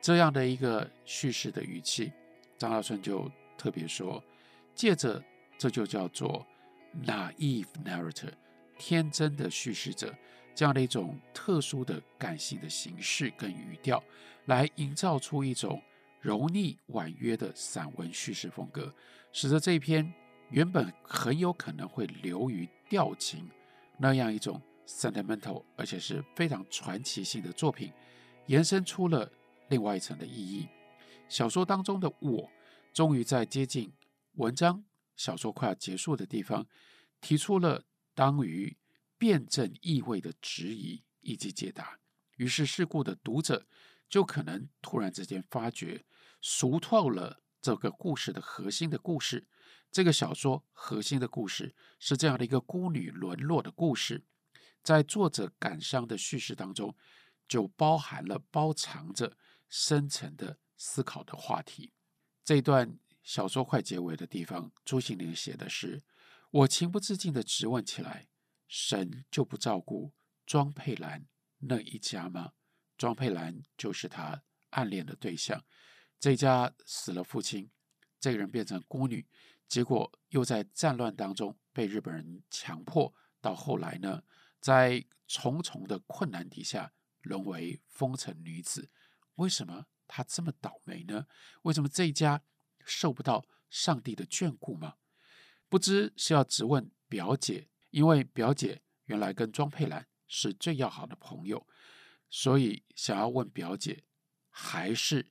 這樣的一個敘事的語氣，張大春就特別說，借着這就叫做 naive narrator 天真的敘事者，這樣的一種特殊的感性的形式跟語調，來營造出一種柔膩婉約的散文敘事風格，使得這一篇原本很有可能會流於調情，那樣一種 sentimental 而且是非常傳奇性的作品，延伸出了。另外一層的意義，小說當中的我，終於在接近文章小說快要結束的地方，提出了關於辯證意味的質疑以及解答。於是，事故的讀者就可能突然之間發覺，熟透了這個故事的核心的故事。這個小說核心的故事是這樣的一個孤女淪落的故事，在作者感傷的敘事當中，就包含了包藏着。深層的思考的話題，這一段小說快結尾的地方，朱西甯寫的是：“我情不自禁地質問起來，神就不照顧莊佩蘭那一家嗎？”莊佩蘭就是他暗戀的對象，這家死了父親，這個人變成孤女，結果又在戰亂當中被日本人強迫，到後來呢，在重重的困難底下淪為風塵女子。為什麼他這麼倒霉呢？為什麼這一家受不到上帝的眷顧嗎？不知是要質問表姐，因為表姐原來跟莊佩蘭是最要好的朋友，所以想要問表姐，還是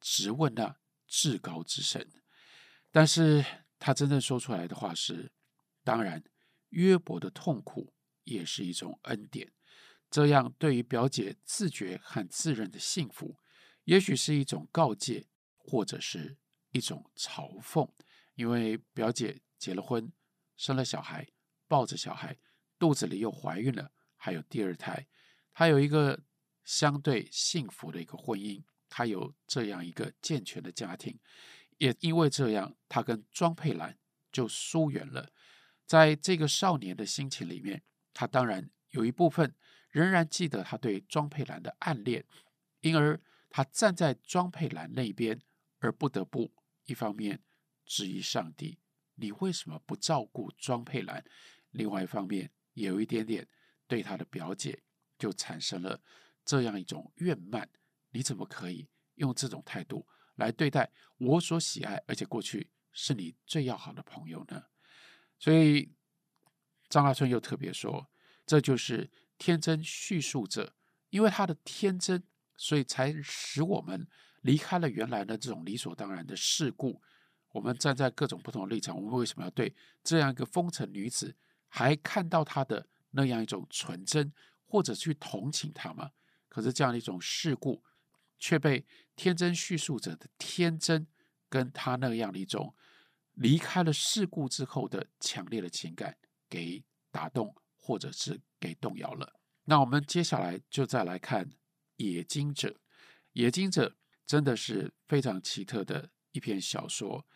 質問那至高之神？但是他真正說出來的話是：當然，約伯的痛苦也是一種恩典。這樣對於表姐自覺和自認的幸福。也許是一種告誡，或者是一種嘲諷，因為表姐結了婚，生了小孩，抱着小孩，肚子裡又懷孕了，還有第二胎，她有一個相對幸福的一個婚姻，她有這樣一個健全的家庭，也因為這樣，她跟莊佩蘭就疏遠了。在這個少年的心情裡面，她當然有一部分仍然記得她對莊佩蘭的暗戀，因而。他站在莊佩蘭那邊，而不得不一方面質疑上帝：“你為什麼不照顧莊佩蘭？”另外一方面，有一點點對他的表姐就產生了這樣一種怨慢，“你怎麼可以用這種態度來對待我所喜愛，而且過去是你最要好的朋友呢？”所以張大春又特別說：“這就是天真敘述者，因為他的天真。”所以才使我們離開了原來的這種理所當然的世故。我們站在各種不同的立場，我們為什麼要對這樣一個風塵女子還看到她的那樣一種純真，或者去同情她嗎？可是這樣的一種世故，卻被天真敘述者的天真跟他那樣的一種離開了世故之後的強烈的情感給打動，或者是給動搖了。那我們接下來就再來看。冶金者，《冶金者》，《冶金者》真的是非常奇特的一篇小說。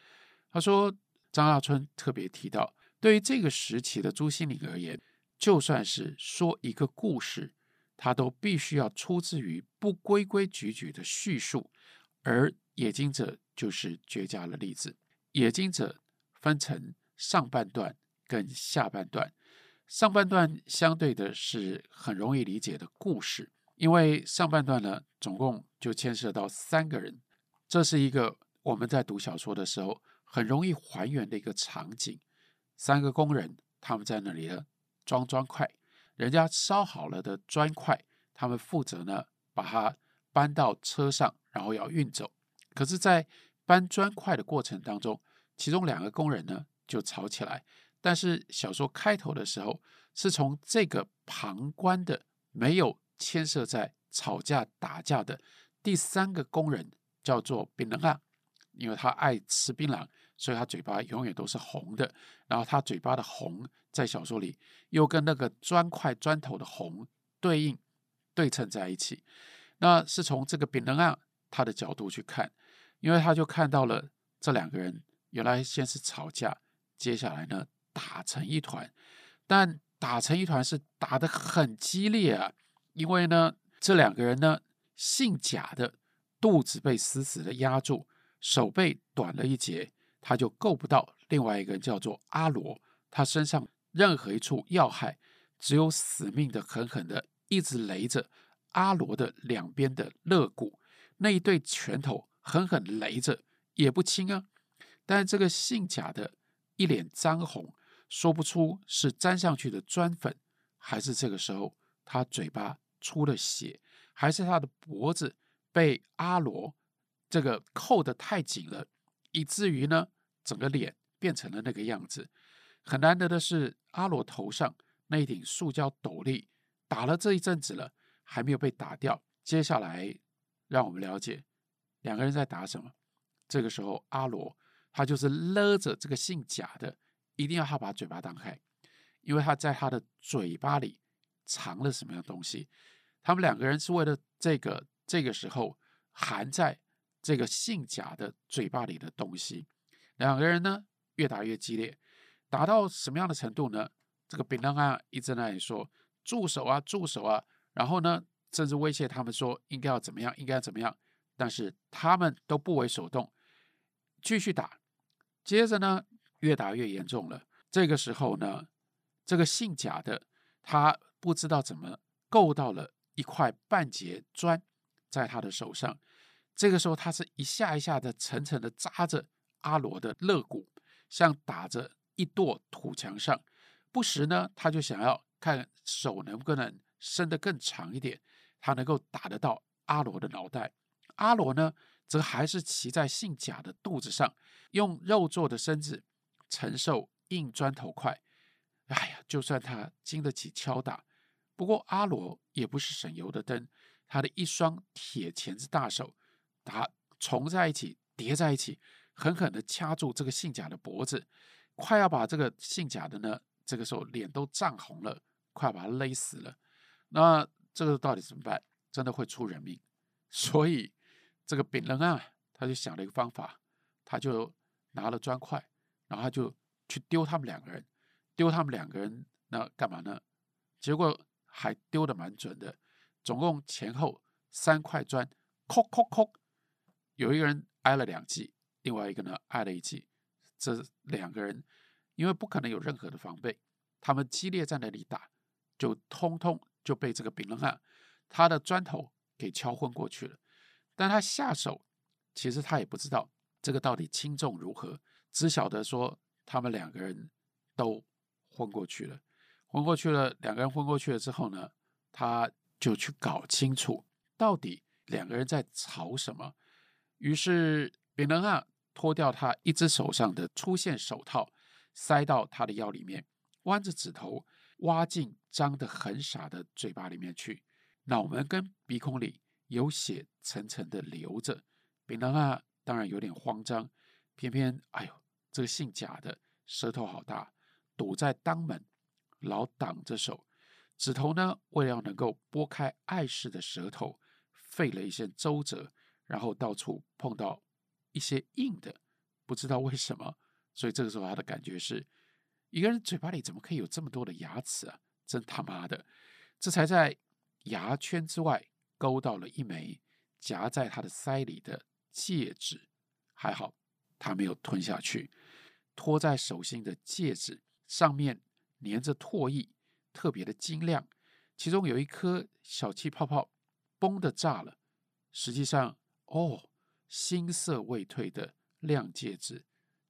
他說，張大春特別提到，對於這個時期的朱西甯而言，就算是說一個故事，他都必須要出自於不規規矩矩的敘述，而《冶金者》就是絕佳的例子。《冶金者》分成上半段跟下半段，上半段相對的是很容易理解的故事。因為上半段呢，總共就牽涉到三個人，這是一個我們在讀小說的時候很容易還原的一個場景。三個工人，他們在那裡呢裝磚塊，人家燒好了的磚塊，他們負責呢把它搬到車上，然後要運走。可是，在搬磚塊的過程當中，其中兩個工人呢就吵起來。但是小說開頭的時候，是從這個旁觀的沒有。牽涉在吵架打架的第三個工人叫做檳榔安，因為他愛吃檳榔，所以他嘴巴永遠都是紅的。然後他嘴巴的紅在小說裡又跟那個磚塊磚頭的紅對應對稱在一起。那是從這個檳榔安他的角度去看，因為他就看到了這兩個人原來先是吵架，接下來呢打成一團，但打成一團是打得很激烈啊。因為呢，這兩個人呢，姓賈的肚子被死死的壓住，手被短了一截，他就夠不到；另外一個人叫做阿羅，他身上任何一處要害，只有死命的狠狠的一直擂着阿羅的兩邊的肋骨，那一對拳頭狠狠擂着，也不輕啊。但這個姓賈的一臉漲紅，說不出是粘上去的磚粉，還是這個時候他嘴巴。出了血，還是他的脖子被阿羅這個扣得太緊了，以至於呢，整個臉變成了那個樣子。很難得的是，阿羅頭上那一頂塑膠斗笠打了這一陣子了，還沒有被打掉。接下來，讓我們了解兩個人在打什麼。這個時候，阿羅他就是勒着這個姓賈的，一定要他把嘴巴張開，因為他在他的嘴巴裡藏了什麼樣的東西。他們兩個人是為了這個，這個時候含在這個姓賈的嘴巴裡的東西，兩個人呢越打越激烈，打到什麼樣的程度呢？這個丙冷啊一直在那裡說住手啊住手啊，然後呢甚至威脅他們說應該要怎麼樣，應該要怎麼樣，但是他們都不為所動，繼續打。接着呢越打越嚴重了，這個時候呢這個姓賈的他不知道怎麼夠到了。一塊半截磚在他的手上，這個時候他是一下一下的，層層的扎着阿羅的肋骨，像打着一垛土牆上。不時呢，他就想要看手能不能伸得更長一點，他能夠打得到阿羅的腦袋。阿羅呢，則還是騎在姓賈的肚子上，用肉做的身子承受硬磚頭塊。哎呀，就算他經得起敲打。不過阿羅也不是省油的燈，他的一雙鐵鉗子大手，他重在一起疊在一起，狠狠地掐住這個姓甲的脖子，快要把這個姓甲的呢，這個時候臉都漲紅了，快要把他勒死了。那這個到底怎麼辦？真的會出人命。所以這個丙人啊，他就想了一個方法，他就拿了磚塊，然後他就去丟他們兩個人，丟他們兩個人，那幹嘛呢？結果。還丟得蠻準的，總共前後三塊磚，哐哐哐，有一個人挨了兩記，另外一個呢挨了一記。這兩個人因為不可能有任何的防備，他們激烈在那裡打，就通通就被這個丙人啊，他的磚頭給敲昏過去了。但他下手其實他也不知道這個到底輕重如何，只曉得說他們兩個人都昏過去了。昏過去了，兩個人昏過去了之後呢，他就去搞清楚到底兩個人在吵什麼。於是比能啊脫掉他一隻手上的粗線手套，塞到他的腰裡面，彎着指頭挖進張得很傻的嘴巴裡面去。腦門跟鼻孔裡有血涔涔的流着。比能啊當然有點慌張，偏偏哎呦，這個姓賈的舌頭好大，堵在當門。老擋着手，指頭呢，為了要能夠撥開礙事的舌頭，費了一些周折，然後到處碰到一些硬的，不知道為什麼，所以這個時候他的感覺是：一個人嘴巴裡怎麼可以有這麼多的牙齒啊？真他媽的！這才在牙圈之外勾到了一枚夾在他的腮裡的戒指，還好他沒有吞下去，托在手心的戒指上面，黏著唾液，特別的晶亮，其中有一顆小氣泡泡，崩的炸了。實際上，哦，新色未退的亮戒指，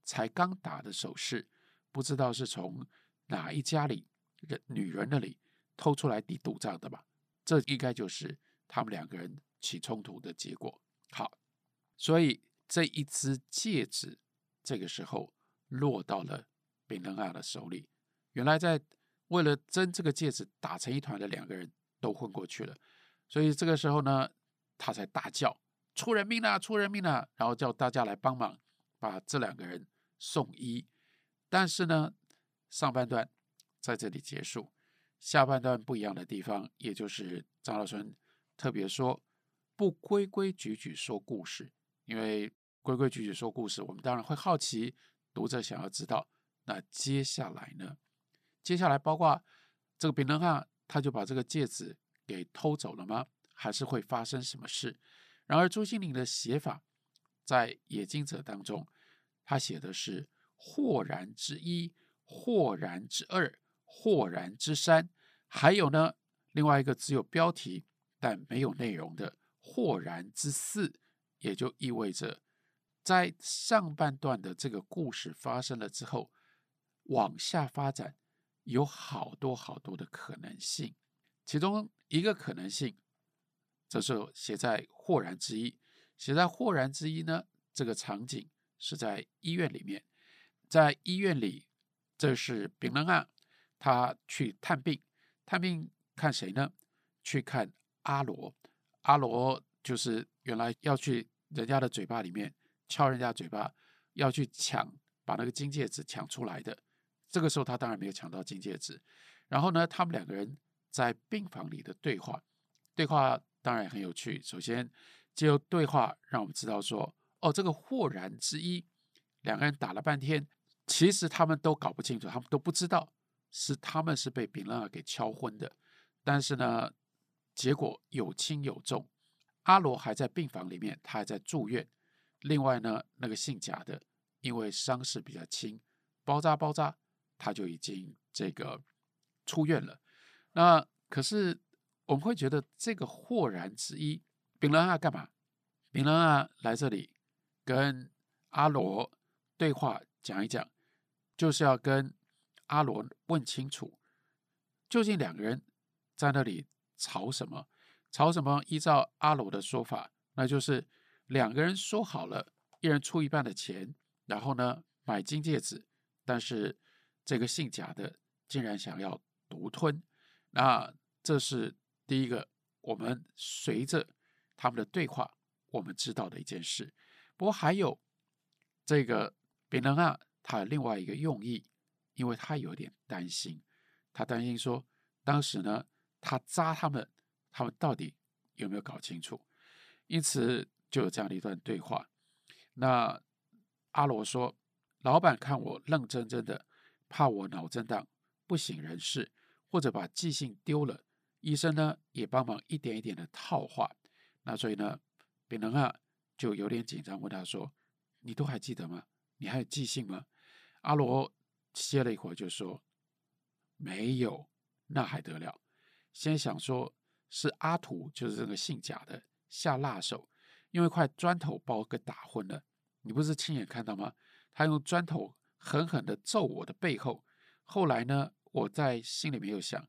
才剛打的首飾，不知道是從哪一家裡人女人那裡偷出來抵賭賬的吧？這應該就是他們兩個人起衝突的結果。好，所以這一只戒指，這個時候落到了比能阿的手裡。原來在為了爭這個戒指打成一團的兩個人都昏過去了，所以這個時候呢，他才大叫：“出人命啊，出人命啊！”然後叫大家來幫忙把這兩個人送醫。但是呢，上半段在這裡結束，下半段不一樣的地方，也就是張老春特別說不規規矩矩說故事，因為規規矩矩說故事，我們當然會好奇，讀者想要知道那接下來呢？接下來，包括這個比能漢，他就把這個戒指給偷走了嗎？還是會發生什麼事？然而，朱西甯的寫法在《冶金者》當中，他寫的是“或然之一”、“或然之二”、“或然之三”，還有呢，另外一個只有標題但沒有內容的“或然之四”，也就意味着在上半段的這個故事發生了之後，往下發展。有好多好多的可能性，其中一個可能性，這是寫在豁然之一。寫在豁然之一呢，這個場景是在醫院裡面，在醫院裡，這是病人啊，他去探病，探病看誰呢？去看阿羅，阿羅就是原來要去人家的嘴巴裡面敲人家嘴巴，要去搶把那個金戒指搶出來的。這個時候他當然沒有搶到金戒指，然後呢，他們兩個人在病房裡的對話，對話當然很有趣。首先，就對話讓我們知道說，哦，這個豁然之一，兩個人打了半天，其實他們都搞不清楚，他們都不知道是他們是被炳亮給敲昏的。但是呢，結果有輕有重，阿羅還在病房裡面，他還在住院。另外呢，那個姓賈的，因為傷勢比較輕，包紮包紮。他就已經這個出院了。那可是我們會覺得這個豁然之一，病人啊幹嘛？病人啊來這裡跟阿羅對話，講一講，就是要跟阿羅問清楚，究竟兩個人在那裡吵什麼？吵什麼？依照阿羅的說法，那就是兩個人說好了，一人出一半的錢，然後呢買金戒指，但是。這個姓賈的竟然想要獨吞，那這是第一個。我們隨着他們的對話，我們知道的一件事。不過還有這個比能啊，他有另外一個用意，因為他有點擔心，他擔心說當時呢，他紮他們，他們到底有沒有搞清楚？因此就有這樣的一段對話。那阿羅說：“老闆，看我愣怔怔的。”怕我腦震盪不省人事，或者把記性丟了，醫生呢也幫忙一點一點的套話。那所以呢，別人啊就有點緊張，問他說：“你都還記得嗎？你還有記性嗎？”阿羅歇了一會兒就說：“沒有，那還得了。”先想說是阿土，就是這個姓賈的下辣手，用一塊磚頭把我給打昏了。你不是親眼看到嗎？他用磚頭。狠狠的揍我的背後，後來呢，我在心裡面又想，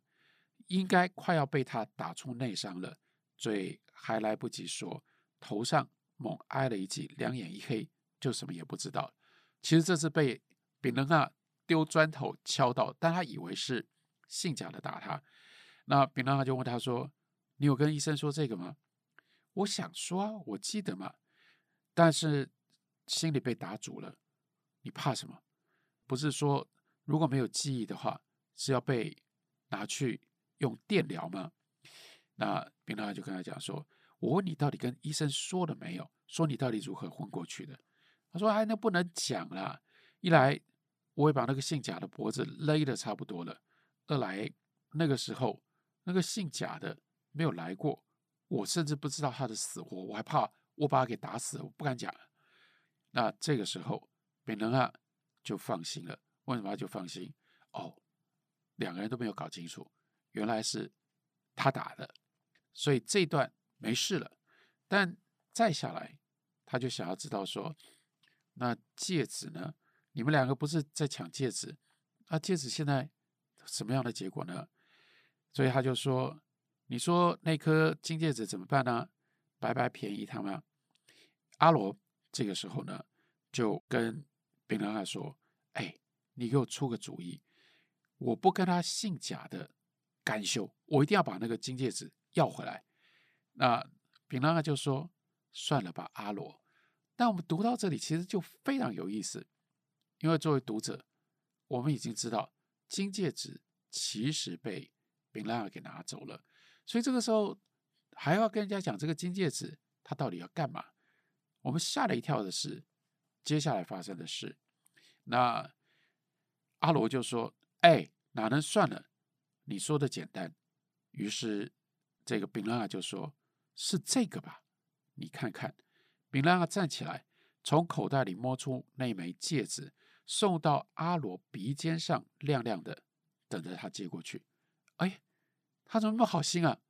應該快要被他打出內傷了，嘴還來不及說，頭上猛挨了一記，兩眼一黑，就什麼也不知道。其實這次被丙仁娜丟磚頭敲到，但他以為是姓賈的打他。那丙仁娜就問他說：“你有跟醫生說這個嗎？”我想說啊，我記得嘛，但是心裡被打住了，你怕什麼？不是說如果沒有記憶的話，是要被拿去用電療嗎？那冰大就跟他講說：“我問你，到底跟醫生說了沒有？說你到底如何混過去的？”他說：“哎，那不能講啦，一來，我會把那個姓賈的脖子勒得差不多了；二來，那個時候那個姓賈的沒有來過，我甚至不知道他的死活，我還怕我把他給打死，我不敢講。那這個時候，冰大啊。”就放心了，為什麼他就放心？哦，兩個人都沒有搞清楚，原來是他打的，所以這一段沒事了。但再下來，他就想要知道說，那戒指呢？你們兩個不是在搶戒指？那、啊、戒指現在什麼樣的結果呢？所以他就說：“你說那顆金戒指怎麼辦呢？白白便宜他們。”阿羅這個時候呢，就跟。丙拉爾說：“哎，你給我出個主意，我不跟他姓賈的干休，我一定要把那個金戒指要回來。那。”那丙拉爾就說：“算了吧，阿羅。”但我們讀到這裡，其實就非常有意思，因為作為讀者，我們已經知道金戒指其實被丙拉爾給拿走了，所以這個時候還要跟人家講這個金戒指，他到底要幹嘛？我們嚇了一跳的是。接下來發生的事，那阿羅就說：“哎，哪能算了？你說的簡單。”於是這個炳拉就說：“是這個吧？你看看。”炳拉站起來，從口袋裡摸出那枚戒指，送到阿羅鼻尖上，亮亮的，等着他接過去。哎，他怎麼那麼好心啊？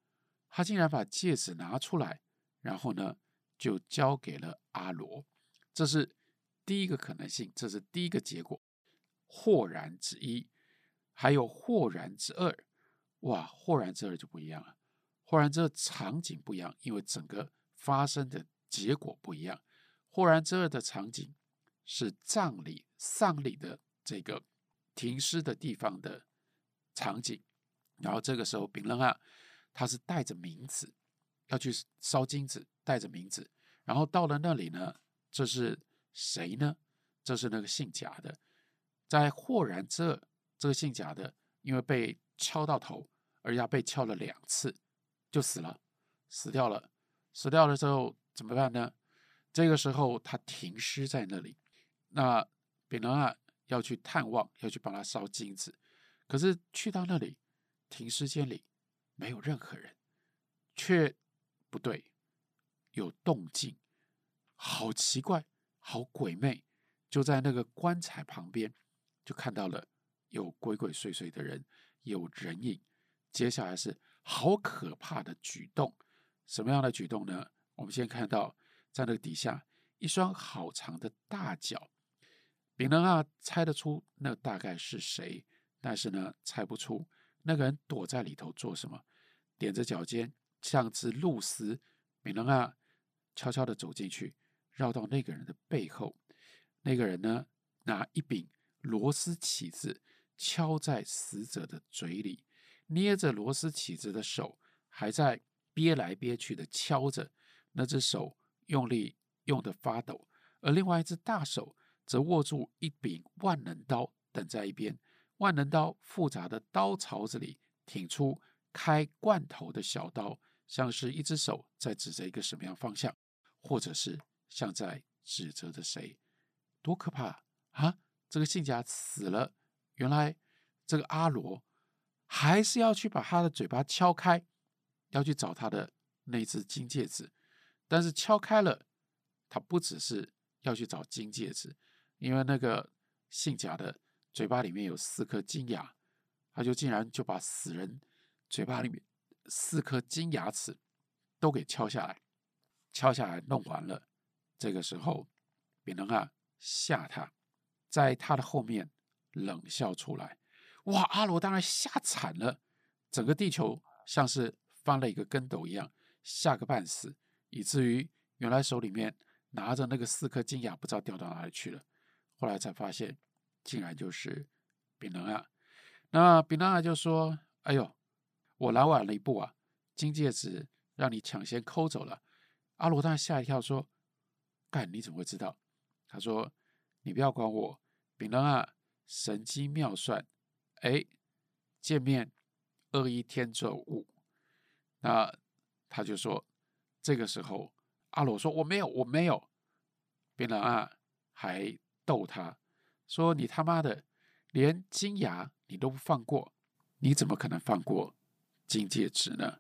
他竟然把戒指拿出來，然後呢，就交給了阿羅。這是。第一個可能性，這是第一個結果，或然之一，還有或然之二，哇，或然之二就不一樣了，或然之二場景不一樣，因為整個發生的結果不一樣。或然之二的場景是葬禮、喪禮的這個停屍的地方的場景，然後這個時候，丙輪啊，他是帶着冥紙，要去燒金紙，帶着冥紙，然後到了那裡呢，這是。誰呢？就是那個姓賈的，在豁然這，這個姓賈的因為被敲到頭，而要被敲了兩次，就死了，死掉了。死掉了之後怎麼辦呢？這個時候他停屍在那裡，那別人啊要去探望，要去幫他燒金子，可是去到那裡，停屍間裡沒有任何人，却不對，有動靜，好奇怪。好鬼魅，就在那個棺材旁邊，就看到了有鬼鬼祟祟的人，有人影。接下來是好可怕的舉動，什麼樣的舉動呢？我們先看到在那個底下一雙好長的大腳，米娜啊，猜得出那大概是誰，但是呢，猜不出那個人躲在裡頭做什麼，踮着腳尖，像隻鹿似。米娜啊，悄悄的走進去。繞到那個人的背後，那個人呢，拿一柄螺絲起子敲在死者的嘴裡，捏着螺絲起子的手還在憋來憋去的敲着，那只手用力用得發抖，而另外一只大手則握住一柄萬能刀等在一邊，萬能刀複雜的刀槽子裡挺出開罐頭的小刀，像是一只手在指着一個什麼樣方向，或者是。像在指責着誰，多可怕啊！啊這個姓賈死了，原來這個阿羅還是要去把他的嘴巴敲開，要去找他的那只金戒指。但是敲開了，他不只是要去找金戒指，因為那個姓賈的嘴巴裡面有四顆金牙，他就竟然就把死人嘴巴裡面四顆金牙齒都給敲下來，敲下來弄完了。這個時候，比能啊嚇他，在他的後面冷笑出來。哇！阿羅當然嚇慘了，整個地球像是翻了一個跟斗一樣，嚇個半死，以至於原來手裡面拿着那個四顆金牙不知道掉到哪裡去了。後來才發現，竟然就是比能啊。那比能啊就說：“哎呦，我來晚了一步啊，金戒指讓你搶先摳走了。”阿羅當然嚇一跳，說。幹，你怎麼會知道？他說：“你不要管我，炳人啊，神機妙算。”哎，見面二一添作五。那他就說：“這個時候阿羅說我沒有，我沒有。”炳人啊，還逗他說：“你他媽的連金牙你都不放過，你怎麼可能放過金戒指呢？”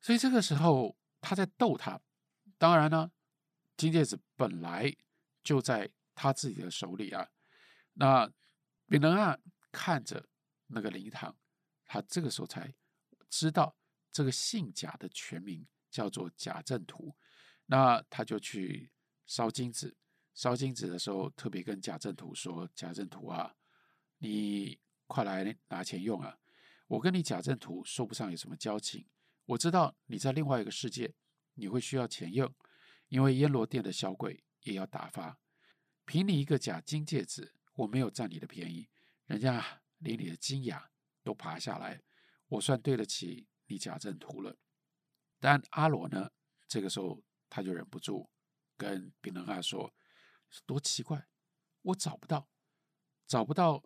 所以這個時候他在逗他，當然呢。金戒指本來就在他自己的手裡啊。那別人啊，看着那個靈堂，他這個時候才知道這個姓賈的全名叫做賈政圖。那他就去燒金子，燒金子的時候特別跟賈政圖說：“賈政圖啊，你快來拿錢用啊！我跟你賈政圖說不上有什麼交情，我知道你在另外一個世界，你會需要錢用。”因為閻羅殿的小鬼也要打發，憑你一個假金戒指，我沒有佔你的便宜，人家連你的金牙都爬下來，我算對得起你假正途了。但阿羅呢？這個時候他就忍不住跟比榔阿說：“多奇怪，我找不到，找不到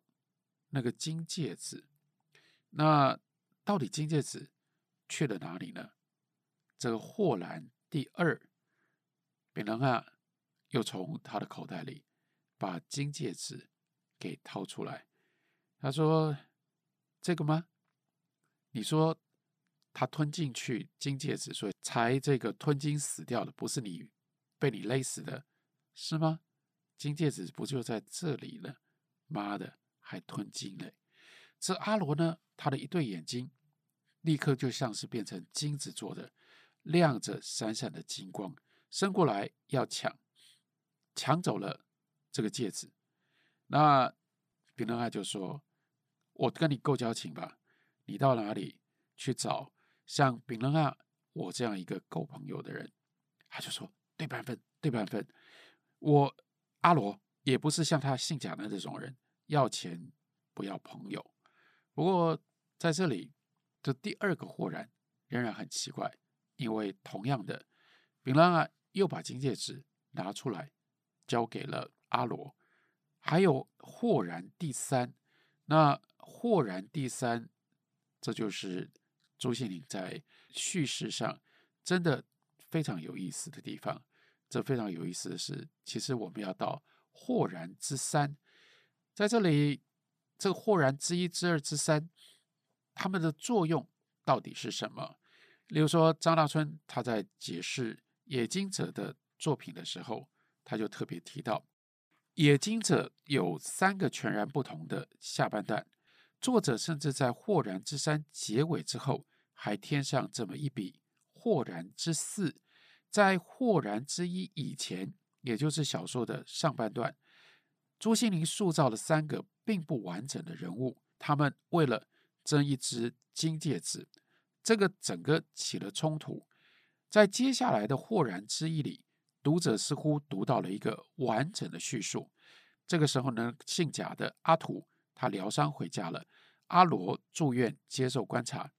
那個金戒指，那到底金戒指去了哪裡呢？”這個霍蘭第二。然後啊，又從他的口袋裡把金戒指給掏出來。他說：“這個嗎？你說他吞進去金戒指，所以才這個吞金死掉的，不是你被你勒死的，是嗎？金戒指不就在這裡了？媽的，還吞金了、欸、這阿羅呢，他的一對眼睛立刻就像是變成金子做的，亮着閃閃的金光。”伸過來要搶，搶走了這個戒指。那丙仁阿就說：“我跟你夠交情吧？你到哪裡去找像丙仁阿我這樣一個夠朋友的人？”他就說：“對半分，對半分。我”我阿羅也不是像他姓蔣的這種人，要錢不要朋友。不過在這裡，這第二個忽然仍然很奇怪，因為同樣的丙仁阿。又把金戒指拿出來，交給了阿羅，還有或然第三。那或然第三，這就是朱西甯在敘事上真的非常有意思的地方。這非常有意思的是，其實我們要到或然之三，在這裡，這個或然之一、之二、之三，它們的作用到底是什麼？例如說，張大春他在解釋。冶金者》的作品的時候，他就特別提到，《冶金者》有三個全然不同的下半段。作者甚至在《豁然之三》結尾之後，還添上這麼一筆，《豁然之四》。在《豁然之一》以前，也就是小說的上半段，朱西甯塑造了三個並不完整的人物，他們為了爭一隻金戒指，這個整個起了衝突。在接下來的豁然之一裡，讀者似乎讀到了一個完整的敘述。這個時候呢，姓賈的阿土他療傷回家了，阿羅住院接受觀察。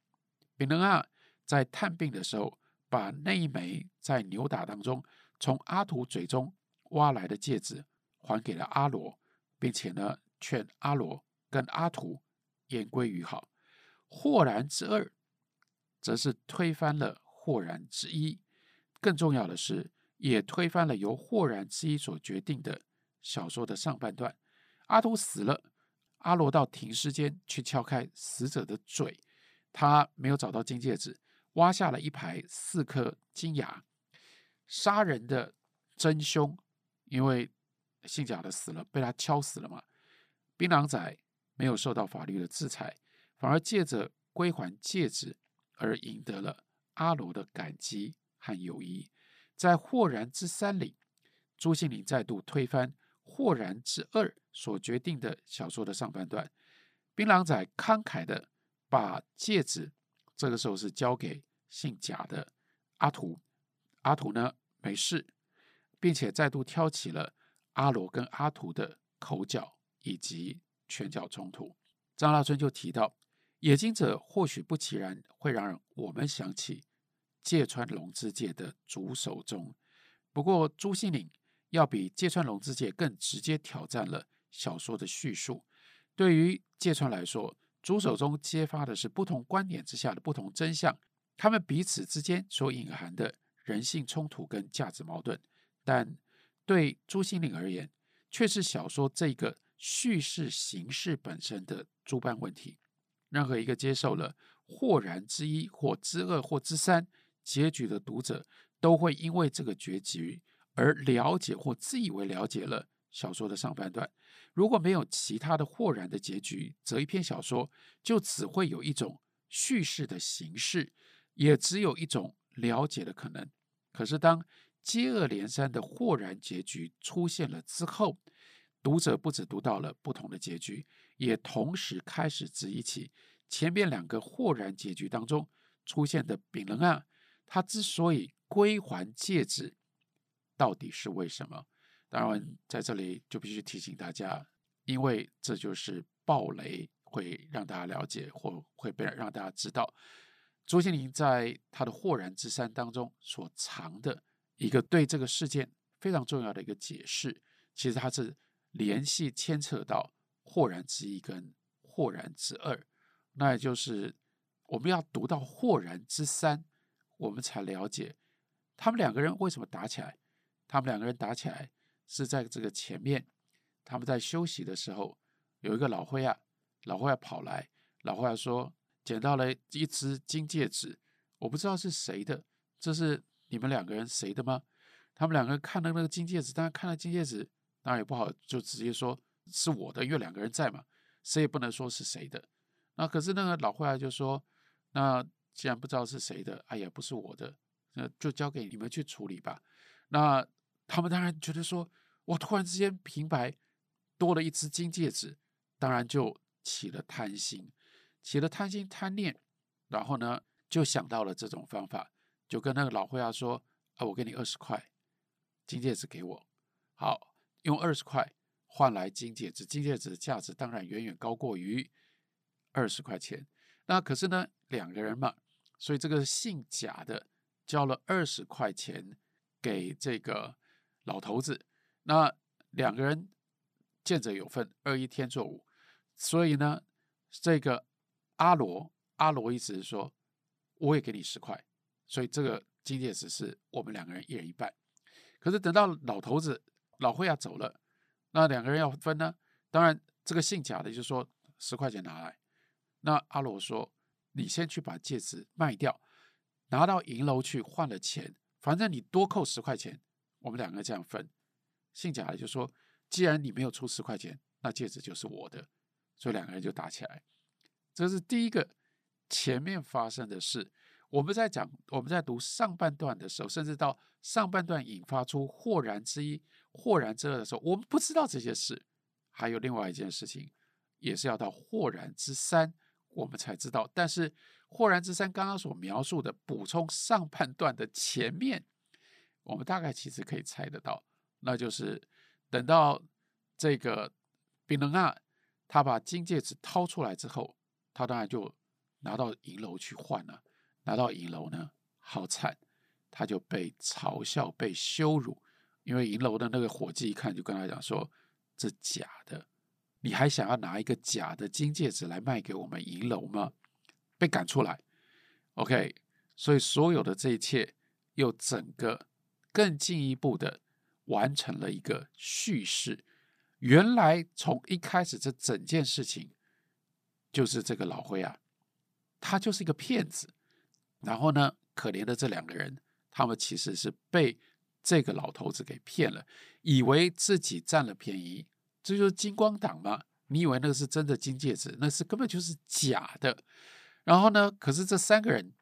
炳能啊，在探病的時候，把那一枚在扭打當中從阿土嘴中挖來的戒指還給了阿羅，並且呢，勸阿羅跟阿土言歸於好。豁然之二，則是推翻了。豁然之一，更重要的是，也推翻了由豁然之一所決定的小說的上半段。阿土死了，阿羅到停屍間去撬開死者的嘴，他沒有找到金戒指，挖下了一排四顆金牙。殺人的真兇，因為姓賈的死了，被他敲死了嘛。檳榔仔沒有受到法律的制裁，反而借着歸還戒指而贏得了阿羅的感激和友誼，在《豁然之三》裡，朱西甯再度推翻《豁然之二》所決定的小說的上半段，檳榔仔慷慨地把戒指，這個時候是交給姓賈的阿圖，阿圖呢，沒事，並且再度挑起了阿羅跟阿圖的口角以及拳腳衝突。張大春就提到。《冶金者》或許不期然會讓我們想起芥川龍之介的《竹藪中》，不過朱西甯要比芥川龍之介更直接挑戰了小說的敘述。對於芥川來說，《竹藪中》揭發的是不同觀點之下的不同真相，他們彼此之間所隱含的人性衝突跟價值矛盾；但對朱西甯而言，卻是小說這個敘事形式本身的諸般問題。任何一個接受了或然之一或之二或之三結局的讀者，都會因為這個結局而了解或自以為了解了小說的上半段。如果沒有其他的或然的結局，則一篇小說就只會有一種敘事的形式，也只有一種了解的可能。可是，當接二連三的或然結局出現了之後，讀者不只讀到了不同的結局。也同時開始質疑起前邊兩個豁然結局當中出現的丙人案，他之所以歸還戒指，到底是為什麼？當然，在這裡就必須提醒大家，因為這就是暴雷會讓大家了解或會被讓大家知道，朱西甯在他的豁然之山當中所藏的一個對這個事件非常重要的一個解釋，其實他是聯繫牽扯到。豁然之一跟豁然之二，那也就是我們要讀到豁然之三，我們才了解他們兩個人為什麼打起來。他們兩個人打起來是在這個前面，他們在休息的時候，有一個老灰啊，老灰啊跑來，老灰啊說撿到了一隻金戒指，我不知道是誰的，這是你們兩個人誰的嗎？他們兩個人看到那個金戒指，當然看到金戒指，那也不好，就直接說。是我的，因為兩個人在嘛，誰也不能說是誰的。那可是那個老會啊，就說，那既然不知道是誰的，哎呀，不是我的，那就交給你們去處理吧。那他們當然覺得說，我突然之間平白多了一隻金戒指，當然就起了貪心，起了貪心貪念，然後呢，就想到了這種方法，就跟那個老會啊說，啊，我給你二十塊，金戒指給我，好，用二十塊。換來金戒指，金戒指的價值當然遠遠高過於二十塊錢。那可是呢，兩個人嘛，所以這個姓賈的交了二十塊錢給這個老頭子。那兩個人見者有份，二一添作五。所以呢，這個阿羅阿羅意思是說我也給你十塊，所以這個金戒指是我們兩個人一人一半。可是等到老頭子老會要走了，那兩個人要分呢？當然，這個姓賈的就是說，十塊錢拿來。那阿羅說：“你先去把戒指賣掉，拿到銀樓去換了錢，反正你多扣十塊錢，我們兩個這樣分。”姓賈的就是說：“既然你沒有出十塊錢，那戒指就是我的。”所以兩個人就打起來。這是第一個前面發生的事。我們在講，我們在讀上半段的時候，甚至到上半段引發出豁然之意。豁然之二的時候，我們不知道這些事；還有另外一件事情，也是要到豁然之三，我們才知道。但是豁然之三剛剛所描述的，補充上半段的前面，我們大概其實可以猜得到，那就是等到這個比倫啊，他把金戒指掏出來之後，他當然就拿到銀樓去換了。拿到銀樓呢，好慘，他就被嘲笑，被羞辱。因為銀樓的那個夥計一看，就跟他講說：“這假的，你還想要拿一個假的金戒指來賣給我們銀樓嗎？”被趕出來。OK，所以所有的這一切又整個更進一步的完成了一個敘事。原來從一開始，這整件事情就是這個老灰啊，他就是一個騙子。然後呢，可憐的這兩個人，他們其實是被。這個老頭子給騙了，以為自己占了便宜，這就是金光黨嗎？你以為那個是真的金戒指，那是根本就是假的。然後呢，可是這三個人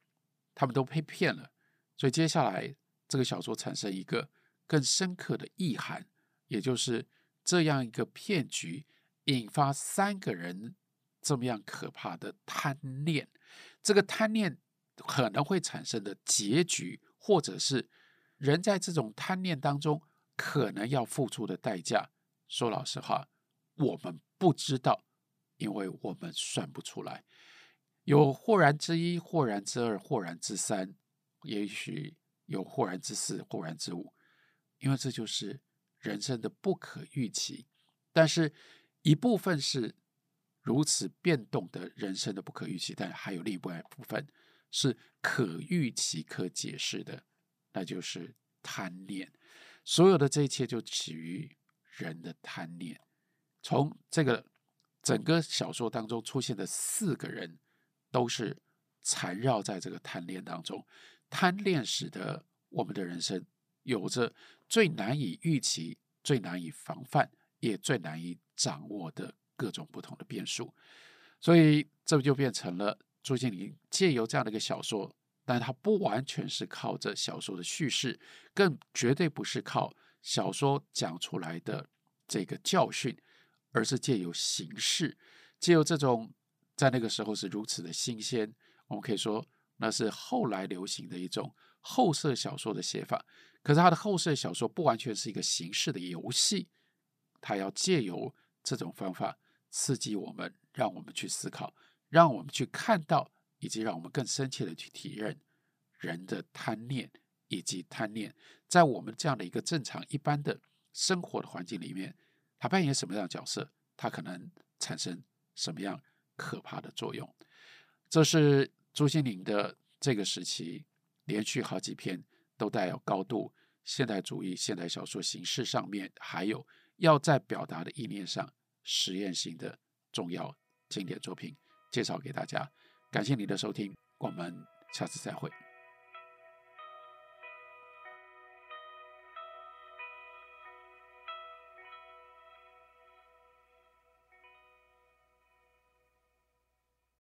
他們都被騙了，所以接下來這個小說產生一個更深刻的意涵，也就是這樣一個騙局引發三個人這麼樣可怕的貪念，這個貪念可能會產生的結局，或者是。人在這種貪念當中，可能要付出的代價，說老實話，我們不知道，因為我們算不出來。有或然之一、或然之二、或然之三，也許有或然之四、或然之五，因為這就是人生的不可預期。但是，一部分是如此變動的人生的不可預期，但還有另外一部分是可預期、可解釋的。那就是貪戀，所有的這一切就起於人的貪戀。從這個整個小說當中出現的四個人，都是纏繞在這個貪戀當中。貪戀使得我們的人生有着最難以預期、最難以防範，也最難以掌握的各種不同的變數。所以，這不就變成了朱西甯借由這樣的一個小說。但他不完全是靠着小說的敘事，更絕對不是靠小說講出來的這個教訓，而是借由形式，借由這種在那個時候是如此的新鮮，我們可以說那是後來流行的一種後設小說的寫法。可是他的後設小說不完全是一個形式的遊戲，他要借由這種方法刺激我們，讓我們去思考，讓我們去看到。以及讓我們更深切的去體認人的貪念，以及貪念在我們這樣的一個正常一般的生活的環境裡面，它扮演什麼樣的角色？它可能產生什麼樣可怕的作用？這是朱西甯的這個時期連續好幾篇都帶有高度現代主義現代小說形式上面，還有要在表達的意念上實驗性的重要經典作品介紹給大家。感謝你的收聽，我們下次再會。